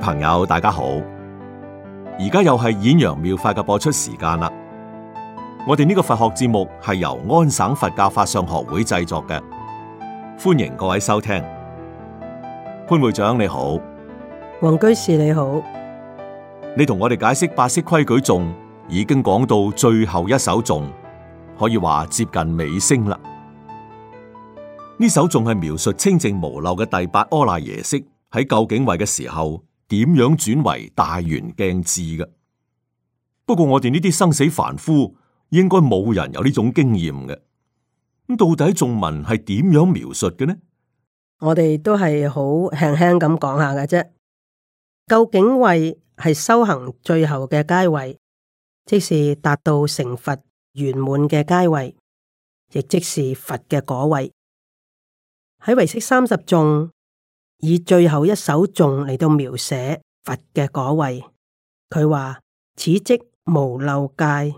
朋友，大家好！而家又係演揚妙法嘅播出時間啦。我哋呢個佛學節目係由安省佛教法相學會製作嘅，歡迎各位收聽。潘會長你好，王居士你好，你同我哋解釋八識規矩頌已經講到最後一首頌，可以話接近尾聲啦。呢首頌係描述清淨無漏嘅第八阿賴耶識喺究竟位嘅時候。點樣轉為大圓鏡智嘅？不過我哋呢啲生死凡夫應該冇人有呢種經驗嘅。咁到底頌文係點樣描述嘅呢？我哋都係好輕輕咁講下嘅啫。究竟位係修行最後嘅階位，即是達到成佛圓滿嘅階位，亦即是佛嘅果位。喺《唯識三十頌》。以最後一首頌嚟到描寫佛嘅果位，佢話此即無漏界，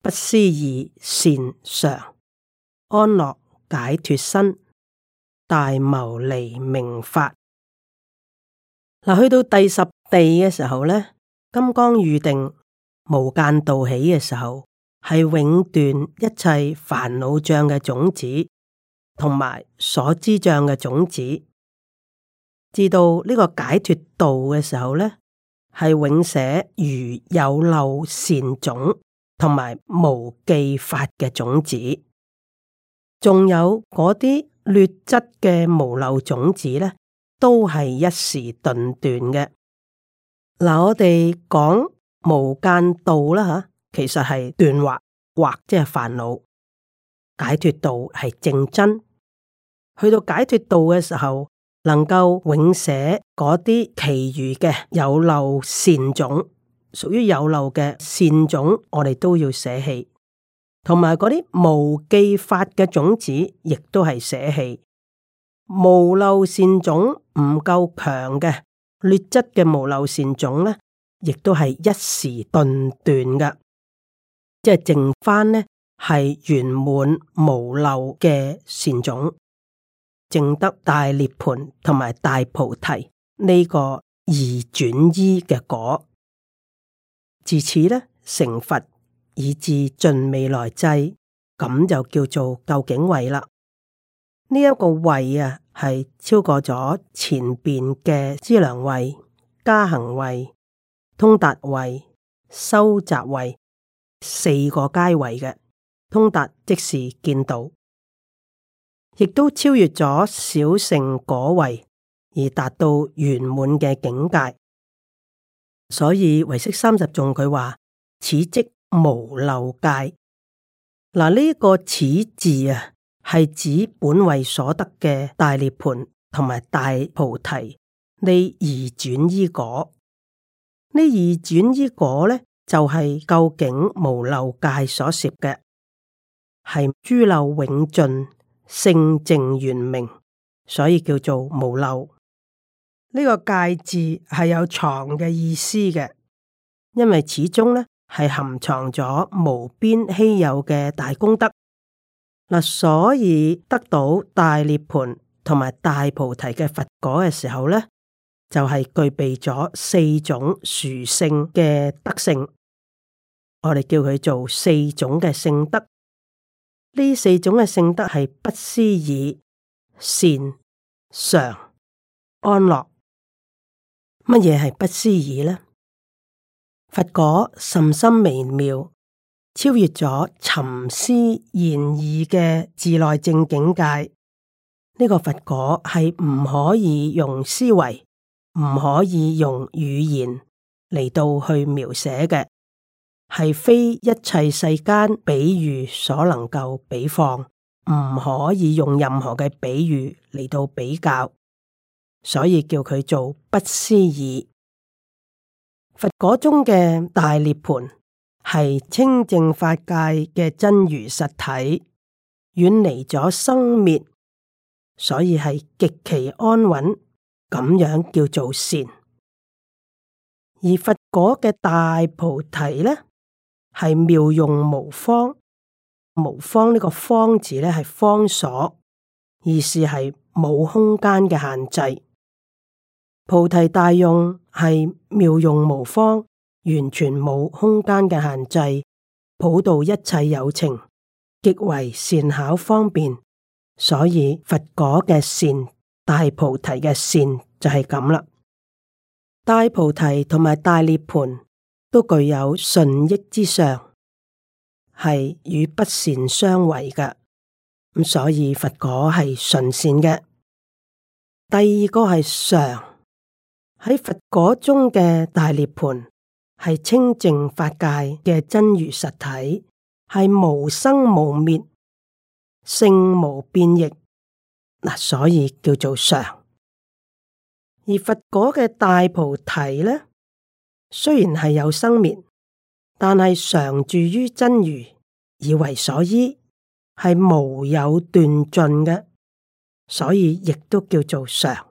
不思議善常安樂解脱身，大牟尼名法。嗱，去到第十地嘅時候咧，金剛喻定無間道起嘅時候，係永斷一切煩惱障嘅種子，同埋所知障嘅種子。至到呢個解脱道嘅時候咧，係永捨如有漏善種同埋無記法嘅種子，仲有嗰啲劣質嘅無漏種子咧，都係一時頓斷嘅。嗱，我哋講無間道啦吓，其實係斷惑或者係煩惱，解脱道係正真，去到解脱道嘅時候。能夠永捨嗰啲其餘嘅有漏善種，屬於有漏嘅善種，我哋都要捨棄。同埋嗰啲無記法嘅種子，亦都係捨棄。無漏善種唔夠強嘅劣質嘅無漏善種咧，亦都係一時頓斷嘅，即係剩翻呢，係圓滿無漏嘅善種。淨得大涅槃同埋大菩提呢、這個二轉依嘅果，自此咧成佛以至盡未來際，咁就叫做究竟位啦。呢、這、一個位啊，係超過咗前邊嘅資糧位、加行位、通達位、修集位四個階位嘅通達，即時見到。亦都超越咗小乘果位而達到圓滿嘅境界，所以唯識三十頌佢話此即無漏界。嗱、啊、呢、這個此字啊，係指本位所得嘅大涅盤同埋大菩提。呢二轉依果，呢二轉依果呢就係、是、究竟無漏界所攝嘅，係諸漏永盡。性淨圓明，所以叫做無漏。呢個戒字係有藏嘅意思嘅，因為始終呢係含藏咗無邊稀有嘅大功德。嗱，所以得到大涅盤同埋大菩提嘅佛果嘅時候呢，就係、是、具備咗四種殊勝嘅德性，我哋叫佢做四種嘅聖德。呢四種嘅性德係不思議、善、常、安樂。乜嘢係不思議呢？佛果甚深微妙，超越咗沉思言意嘅自內正境界。呢、這個佛果係唔可以用思維、唔可以用語言嚟到去描寫嘅。係非一切世間比喻所能夠比方，唔可以用任何嘅比喻嚟到比較，所以叫佢做不思議。佛果中嘅大涅盤係清淨法界嘅真如實體，遠離咗生滅，所以係極其安穩，咁樣叫做善。而佛果嘅大菩提呢？係妙用無方，無方呢個方字咧係方所，意思係冇空間嘅限制。菩提大用係妙用無方，完全冇空間嘅限制，普度一切有情，極為善巧方便。所以佛果嘅善，大菩提嘅善就係咁啦。大菩提同埋大涅盤。都具有順益之上，係與不善相違嘅。咁所以佛果係純善嘅。第二個係常，喺佛果中嘅大涅盤，係清淨法界嘅真如實體，係無生無滅，性無變異。嗱，所以叫做常。而佛果嘅大菩提呢？雖然係有生滅，但係常住於真如以為所依，係無有斷盡嘅，所以亦都叫做常。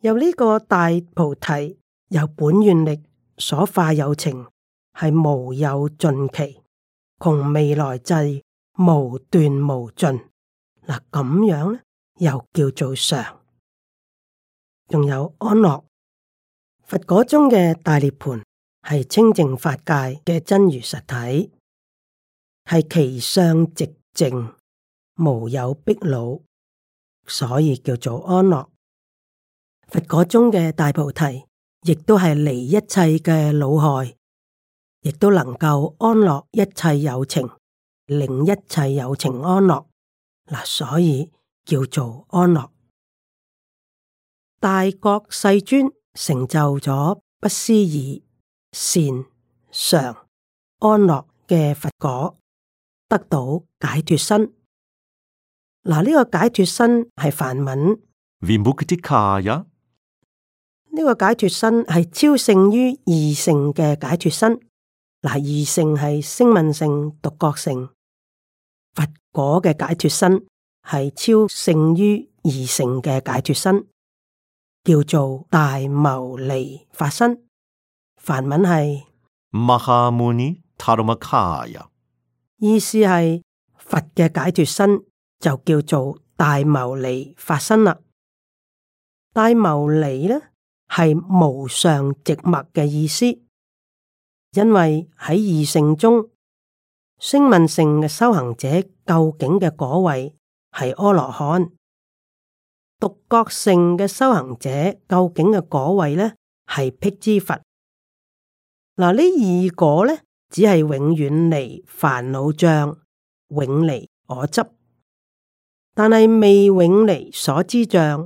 有呢個大菩提，由本願力所化有情，係無有盡期，窮未來際無斷無盡。嗱，咁樣呢，又叫做常。仲有安樂。佛果中嘅大涅槃，係清淨法界嘅真如實體，係其上寂靜，無有逼惱，所以叫做安樂。佛果中嘅大菩提，亦都係離一切嘅惱害，亦都能夠安樂一切有情，令一切有情安樂，嗱，所以叫做安樂。大覺世尊，成就咗不思議善常安樂嘅佛果，得到解脫身。嗱，呢、這個解脫身係梵文。呢個解脫身係超勝於二乘嘅解脫身。嗱，二乘係聲聞乘、獨覺乘。佛果嘅解脫身係超勝於二乘嘅解脫身。叫做大牟尼法身，梵文係 Mahamuni Taramaya 意思係佛嘅解脱身就叫做大牟尼法身啦。大牟尼咧係無上寂滅嘅意思，因為喺二乘中聲聞乘嘅修行者究竟嘅果位係阿羅漢。獨覺性嘅修行者究竟嘅果位呢？係辟支佛。嗱，呢二果呢，只係永遠離煩惱障，永離我執，但係未永離所知障，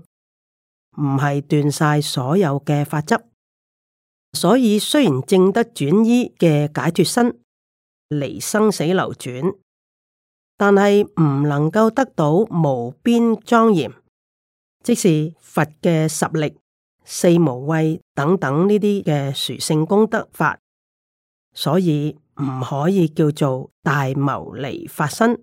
唔係斷晒所有嘅法則。所以雖然正得轉依嘅解脫身離生死流轉，但係唔能夠得到無邊莊嚴。即是佛嘅十力、四無畏等等呢啲嘅殊勝功德法，所以唔可以叫做大牟尼法身。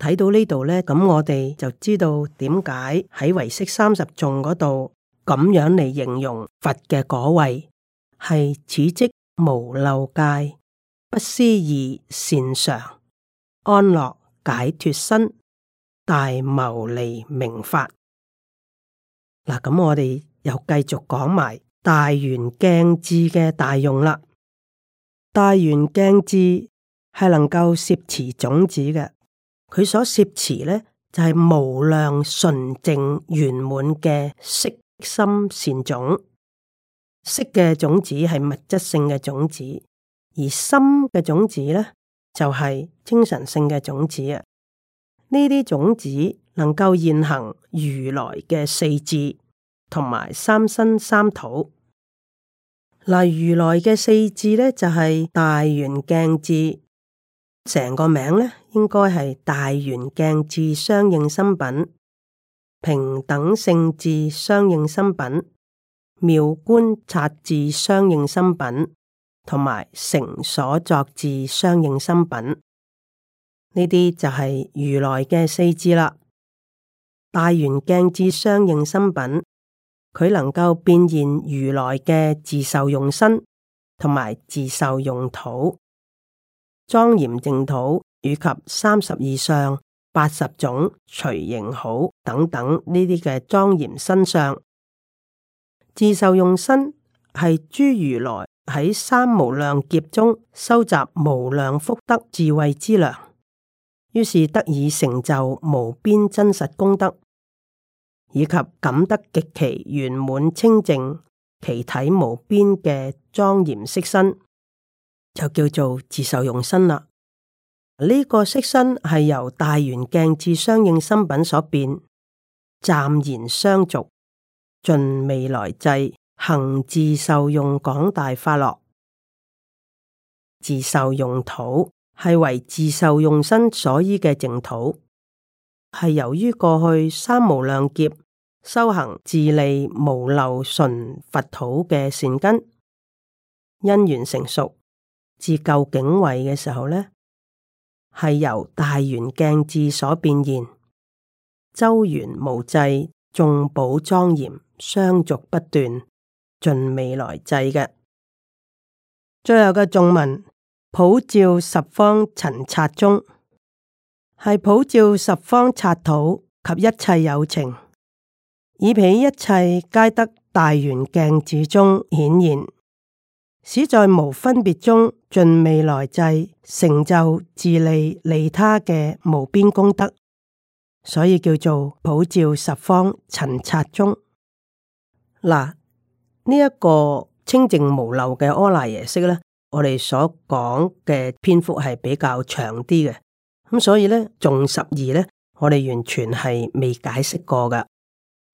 睇到呢度咧，咁我哋就知道點解喺唯識三十頌嗰度咁樣嚟形容佛嘅果位，係此即無漏界，不思議善常，安樂解脫身。大牟利明法嗱，咁我哋又繼續講埋大圓鏡智嘅大用啦。大圓鏡智係能夠攝持種子嘅，佢所攝持咧就係無量純淨圓滿嘅色心善種。色嘅種子係物質性嘅種子，而心嘅種子咧就係精神性嘅種子啊。呢啲種子能夠現行如來嘅四智同埋三身三土。例如來嘅四智咧就係、是、大圓鏡智」。成個名咧應該係大圓鏡智」。相應心品、平等性智，相應心品、妙觀察智，相應心品同埋成所作智，相應心品。呢啲就係如來嘅四智啦。大圓鏡智相應心品，佢能夠變現如來嘅自受用身，同埋自受用土莊嚴淨土，以及三十二相八十種隨形好等等呢啲嘅莊嚴身相。自受用身係諸如來喺三無量劫中收集無量福德智慧之糧。於是得以成就無邊真實功德，以及感得極其圓滿清淨、其體無邊嘅莊嚴色身，就叫做自受用身啦。呢、這個色身係由大圓鏡智相應心品所變，暫然相續，盡未來際行自受用廣大快樂，自受用土。係為自受用身所依嘅淨土，係由於過去三無量劫修行自利無漏純佛土嘅善根，因緣成熟至究竟位嘅時候呢，係由大圓鏡智所變現，周圓無際，眾寶莊嚴，相續不斷，盡未來際嘅。最後嘅眾文。普照十方塵剎中，係普照十方剎土及一切有情，以彼一切皆得大圓鏡智中顯現，使在無分別中盡未來際成就自利利他嘅無邊功德，所以叫做普照十方塵剎中。嗱，呢、這、一個清淨無漏嘅阿賴耶識呢。我哋所講嘅篇幅係比較長啲嘅，咁所以呢，頌十二呢，我哋完全係未解釋過噶。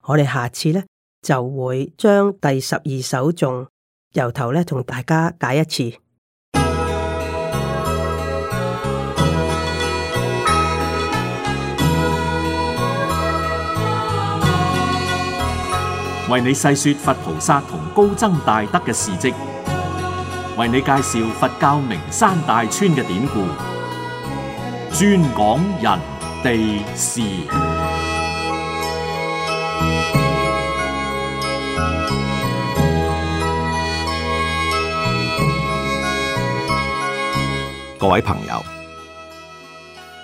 我哋下次呢，就會將第十二首頌由頭呢同大家解一次，為你細說佛菩薩同高僧大德嘅事跡。為你介紹佛教名山大川嘅典故，專講人地事。各位朋友，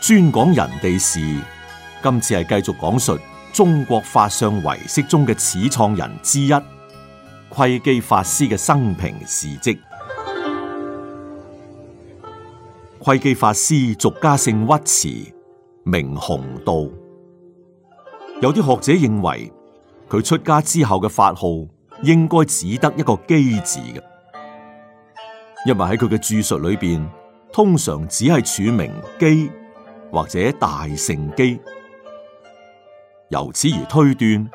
專講人地事，今次係繼續講述中國法相唯識中嘅始創人之一窺基法師嘅生平事跡。窺基法師俗家姓尉遲，名洪道。有啲學者認為佢出家之後嘅法號應該只得一個基字嘅，因為喺佢嘅著述裏邊，通常只係署名基或者大乘基。由此而推斷，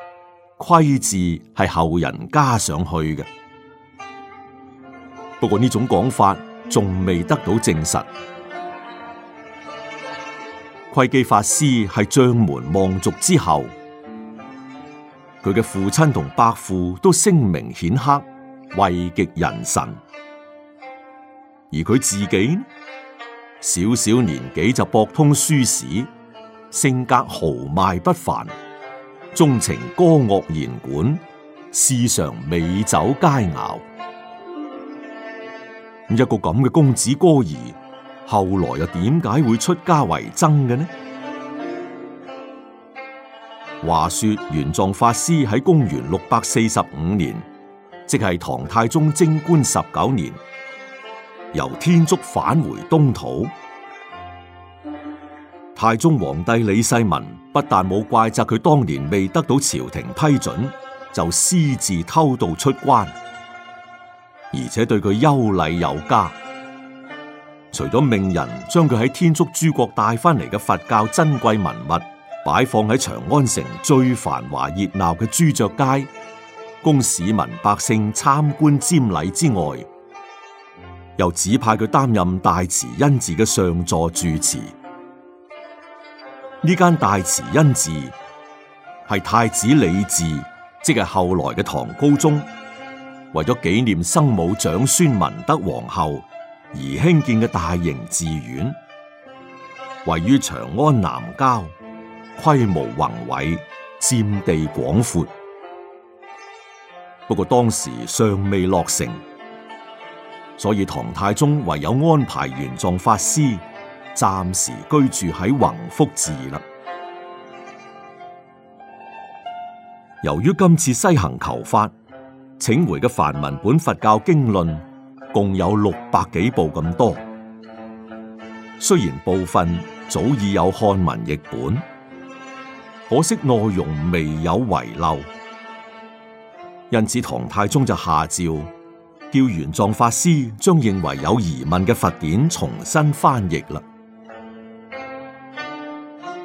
窺字係後人加上去嘅。不過呢種講法仲未得到證實。窺基法師係將門望族之後，佢嘅父親同伯父都聲名顯赫，位極人臣。而佢自己呢？小小年紀就博通書史，性格豪邁不凡，鍾情歌樂弦管，時常美酒佳肴。一個咁嘅公子哥兒。後來又點解會出家為僧嘅呢？話說玄奘法師喺公元六百四十五年，即係唐太宗貞觀十九年，由天竺返回東土。太宗皇帝李世民不但冇怪責佢當年未得到朝廷批准，就私自偷渡出關，而且對佢優禮有加。除咗命人將佢喺天竺諸國帶翻嚟嘅佛教珍貴文物擺放喺長安城最繁華熱鬧嘅朱雀街，供市民百姓參觀瞻禮之外，又指派佢擔任大慈恩寺嘅上座住持。呢間大慈恩寺係太子李治，即係後來嘅唐高宗，為咗紀念生母長孫文德皇后，而興建嘅大型寺院，位於長安南郊，規模宏偉，佔地廣闊。不過當時尚未落成，所以唐太宗唯有安排玄奘法師暫時居住喺弘福寺啦。由於今次西行求法，請回嘅梵文本佛教經論。共有六百幾部咁多，雖然部分早已有漢文譯本，可惜內容未有遺漏，因此唐太宗就下詔叫玄奘法師將認為有疑問嘅佛典重新翻譯啦。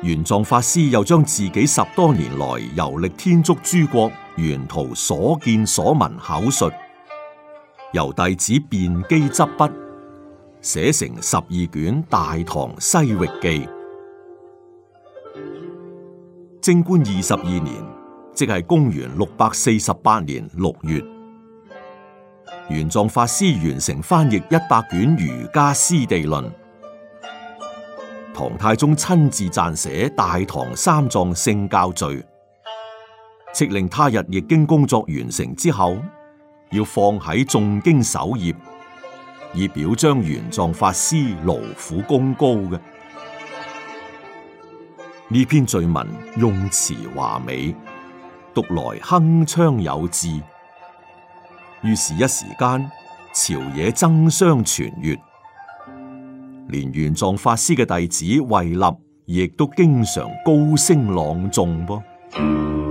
玄奘法師又將自己十多年來遊歷天竺諸國沿途所見所聞口述。由弟子辯機執筆寫成十二卷《大唐西域記》。貞觀二十二年，即係公元六百四十八年六月，玄奘法師完成翻譯一百卷《瑜伽師地論》。唐太宗親自撰寫《大唐三藏聖教序》，敕令他日譯經工作完成之後。要放喺誦經首頁，以表彰玄奘法師勞苦功高嘅。呢篇序文用詞華美，讀來鏗鏘有致。於是，一時間朝野爭相傳閱，連玄奘法師嘅弟子慧立，亦都經常高聲朗誦噃。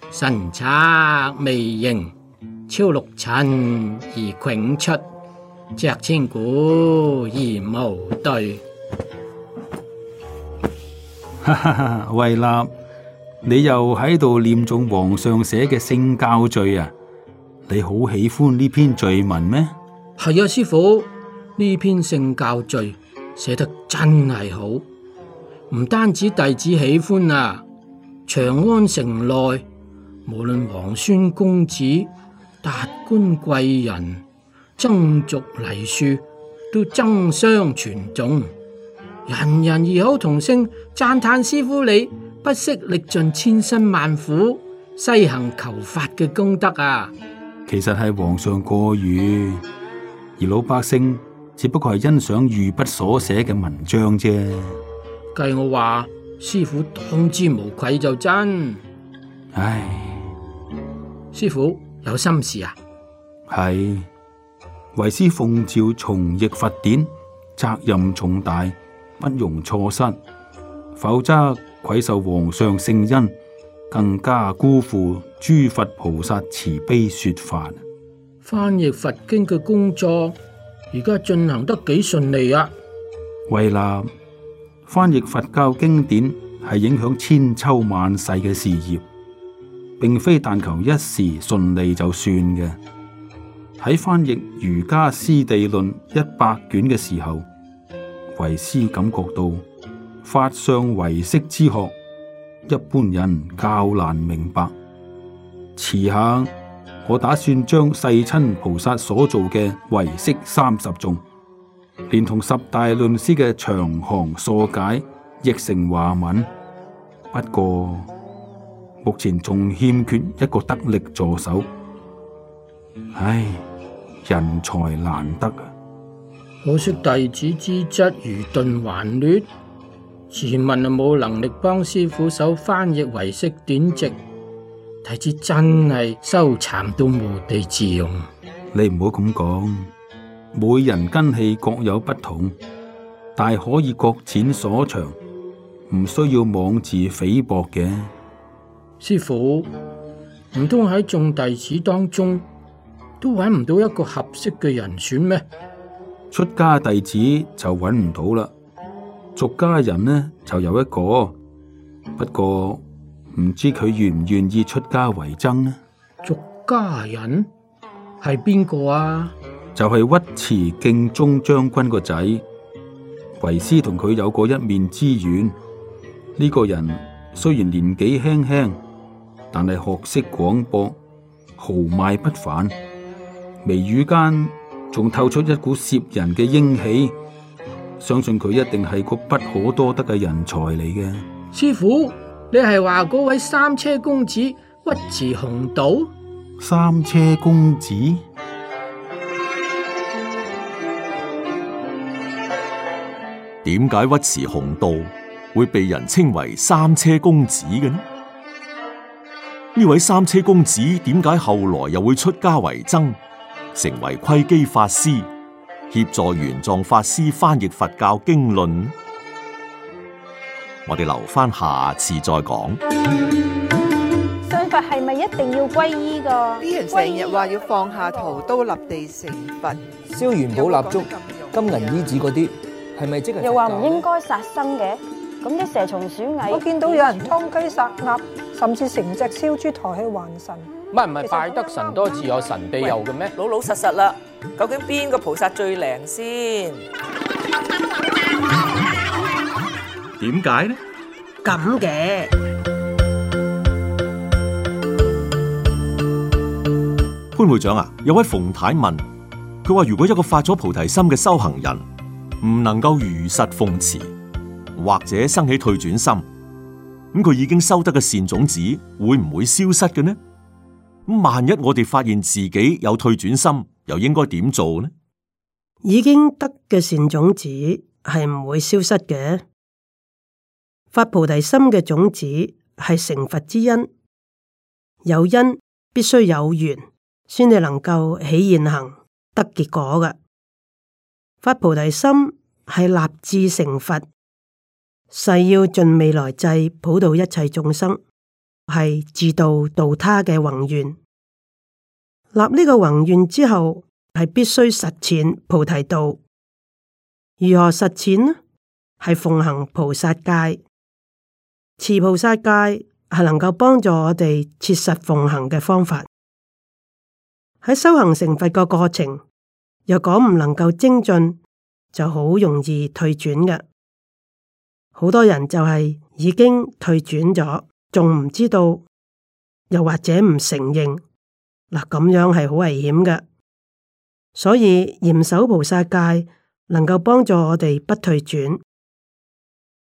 神策未形，超六塵而迥出，隻千古而無對。哈哈哈！慧立，你又喺度念誦皇上寫嘅聖教序啊？你好喜歡呢篇序文咩？係啊，師父，呢篇聖教序寫得真係好，唔單止弟子喜歡啊，長安城內。無論皇孫公子、達官貴人、僧俗黎庶，都爭相傳頌，人人異口同聲讚歎師傅你不惜歷盡千辛萬苦西行求法嘅功德啊！其實係皇上過譽，而老百姓只不過係欣賞御筆所寫嘅文章啫。計我話，師傅當之無愧就真。唉。師父有心事啊？係，為師奉詔重譯佛典，責任重大，不容錯失，否則愧受皇上聖恩，更加辜負諸佛菩薩慈悲說法。翻譯佛經嘅工作，而家進行得幾順利啊！為啦，翻譯佛教經典係影響千秋萬世嘅事業。並非但求一時順利就算嘅。喺翻譯《瑜伽師地論》一百卷嘅時候，為師感覺到法相唯識之學，一般人較難明白。遲下我打算將世親菩薩所做嘅唯識三十頌，連同十大論師嘅長行疏解，譯成華文。不過。目前仲欠缺一個得力助手，唉，人才難得啊！我弟子資質愚鈍頑劣，前文啊冇能力幫師傅手翻譯唯識典籍，弟子真係羞慚到無地自容。你唔好咁講，每人根器各有不同，但可以各展所長，唔需要妄自菲薄嘅。師父，唔通喺眾弟子當中都揾唔到一個合適嘅人選咩？出家弟子就揾唔到啦，俗家人呢就有一個，不過唔知佢願唔願意出家為僧呢？俗家人係邊個啊？就係尉遲敬宗將軍個仔，為師同佢有過一面之緣。呢個人雖然年紀輕輕。但係學識廣博，豪邁不凡，眉宇間仲透出一股攝人嘅英氣，相信佢一定係個不可多得嘅人才嚟嘅。師傅，你係話嗰位三車公子尉遲洪道？三車公子？點解尉遲洪道會被人稱為三車公子嘅呢？呢位三車公子點解後來又會出家為僧，成為窺基法師，協助玄奘法師翻譯佛教經論？我哋留返下次再講。信佛係咪一定要皈依㗎？啲人成日話要放下屠刀立地成佛，燒元寶蠟燭、金銀衣紙嗰啲，係咪即係？又話唔應該殺生嘅？咁啲蛇蟲鼠蟻，我見到有人殺雞殺鴨。甚至成隻燒豬抬起還神，唔係唔係拜得神多自有神庇佑嘅咩？老老實實啦，究竟邊個菩薩最靈先？點解呢？咁嘅潘會長啊，有位馮太太問，佢話如果一個發咗菩提心嘅修行人，唔能夠如實奉持，或者生起退轉心？咁佢、嗯、已經收得嘅善種子會唔會消失嘅呢？萬一我哋發現自己有退轉心，又應該點做呢？已經得嘅善種子係唔會消失嘅。發菩提心嘅種子係成佛之因，有因必須有緣，先至能夠起現行得結果嘅。發菩提心係立志成佛。誓要盡未來際，普渡一切眾生，係自度度他嘅宏願。立呢個宏願之後，係必須實踐菩提道。如何實踐呢？係奉行菩薩戒。持菩薩戒係能夠幫助我哋切實奉行嘅方法。喺修行成佛個過程，若果唔能夠精進，就好容易退轉嘅。好多人就係已經退轉咗，仲唔知道，又或者唔承認，嗱，咁樣係好危險嘅。所以嚴守菩薩戒，能夠幫助我哋不退轉。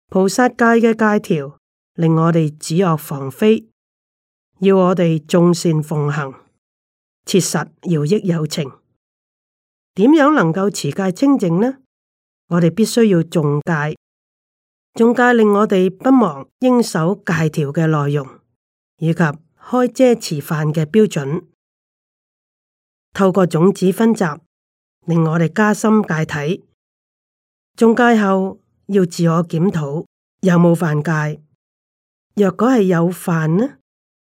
菩薩戒嘅戒條令我哋止惡防非，要我哋眾善奉行，切實饒益有情。點樣能夠持戒清淨呢？我哋必須要眾戒。誦戒令我哋不忘應守戒條嘅內容，以及開遮持犯嘅標準。透過種子熏習，令我哋加深戒體。誦戒後要自我檢討，有冇犯戒？若果係有犯呢，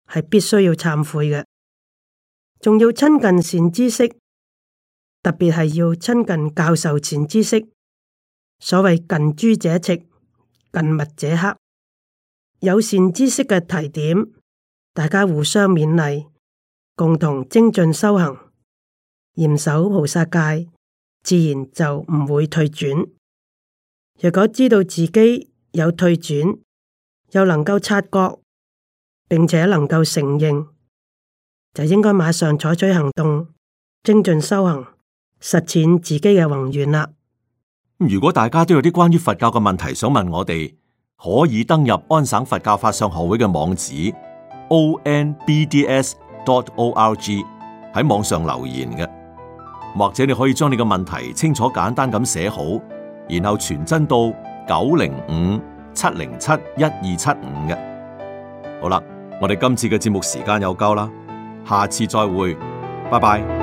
係必須要懺悔嘅。仲要親近善知識，特別係要親近教授善知識。所謂近朱者赤。近墨者黑，有善知識嘅提點，大家互相勉勵，共同精進修行，嚴守菩薩戒，自然就唔會退轉。若果知道自己有退轉，又能夠察覺，並且能夠承認，就應該馬上採取行動，精進修行，實踐自己嘅宏願啦。如果大家都有啲關於佛教嘅問題想問我哋，可以登入安省佛教法相學會嘅網址 o n b d s dot o r g 喺網上留言嘅，或者你可以將你嘅問題清楚簡單咁寫好，然後傳真到九零五七零七一二七五嘅。好啦，我哋今次嘅節目時間又夠啦，下次再會，拜拜。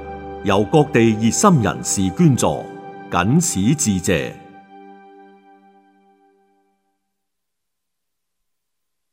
由各地熱心人士捐助，謹此致謝。